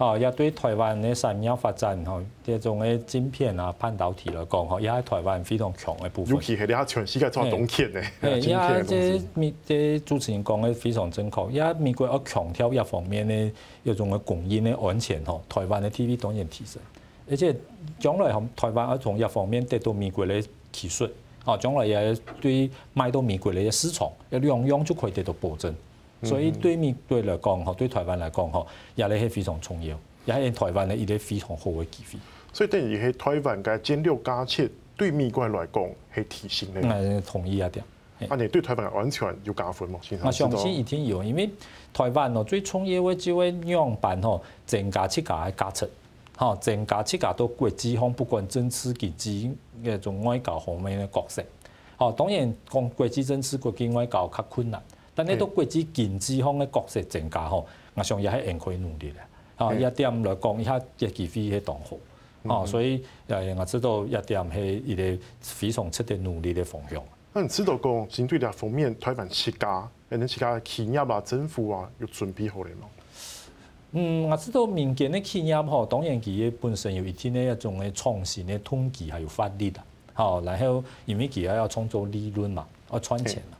哦，也對台灣的產業發展，吼，啲種的晶片啊、半導體來講吼，也係台灣非常強的部分。尤其係你阿長時間做總決嘅。係，而家即係主持人講的非常正確，也美國要強調一方面的，一種嘅供應的安全，吼，台灣的 TV 當然提升。而且將來同台灣要從一方面得到美國的技術哦，將來也對賣到美國嘅市場，要兩樣就可以得到保證。所以對美國嚟講，吼，對台灣嚟講，嗬，也係非常重要，也係台灣的一個非常好的機會。所以對然係台灣的進六加七對美國來講係提醒誒，同意啊，你對，對台灣的安全有加分嗎？我相信一定有，因為台灣哦、啊，最重要的就係兩板吼，進加七加的加成，吼進加七加都國際方，不管政治嘅基，嘅一種外交方面的角色。嚇，當然講國際政治國際外交較困難。但係都各自見之方嘅角色增加嗬，我上日喺英佢努力咧，啊一點來講，依家嘅業績係當好，啊所以誒，我知道一點係依啲非常出力努力的方向。嗯，知道講針對啲方面推翻七家，誒，七家嘅企業啊、政府啊有準備好嚟咯。嗯，我知道民間的企業嗬，當然企業本身有一定咧一種嘅創新嘅統計係有發力嘅，好，然後因為企業要創造利潤嘛，要賺錢。啊。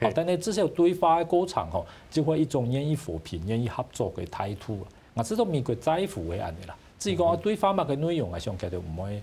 啊、 哦！但係至少對話的過程吼，就會一種願意扶貧、願意合作的態度。啊！呢種美國在乎嘅嘢啦，只係講對對話嘛嘅內容啊，相其實唔會。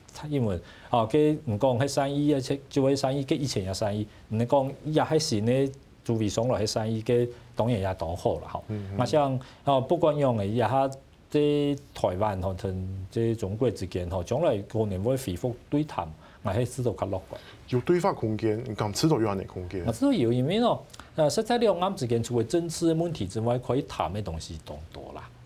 因為啊，既毋講迄生意，而且做喺生意，既以前誒生意，唔講伊日迄時呢做微商落喺生意，既當然都嗯嗯復復也當好啦，嚇。我想哦，不管用伊日下即台灣吼，同即中國之間吼，將來可能會恢復對談，我迄始終較樂觀，有對話空間，講始終有尼空間。始終有，因為咯，實際你啱之間除了政治問題之外，可以談誒東西仲多啦。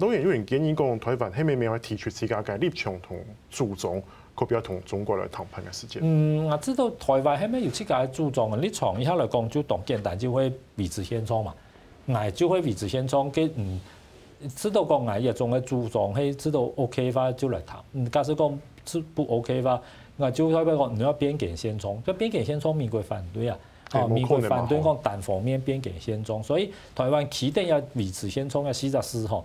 老員有唔建議講台灣係咪咪可以提出自己嘅立場同主張，佢比要同中國嚟談判嘅時間。嗯，啊，知道台灣係咪要自己嘅主張啊，你從以下嚟講就當簡單，就會維持現狀嘛。嗌就會維持現狀，佢唔、嗯、知道講嗌一種嘅主張，係知道 O K 翻就嚟談，嗯，假使講不 O K 翻，嗌就代表講，你要變更現狀，變更現狀美國反對啊！啊，美國反對講單方面變更現狀，所以台灣起點要維持現狀要試一試吼。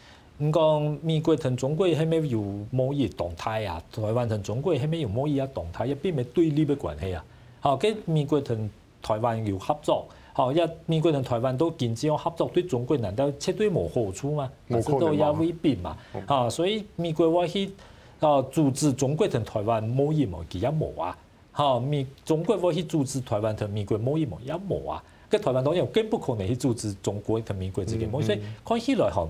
毋講美國同中國迄咩有貿易動態啊？台灣同中國迄咩有貿易啊動態？也並咪對立嘅關係啊！吼，計美國同台灣有合作，吼，一美國同台灣都建設好合作，對中國難道切對無好處嗎？冇可能也未必嘛。吼，所以美國我去嚇阻止中國同台灣貿易貿易也無啊！吼，美中國我去阻止台灣同美國貿易貿易也無啊！計台灣當然更不可能去阻止中國同美國之間、嗯嗯、所以看起來吼。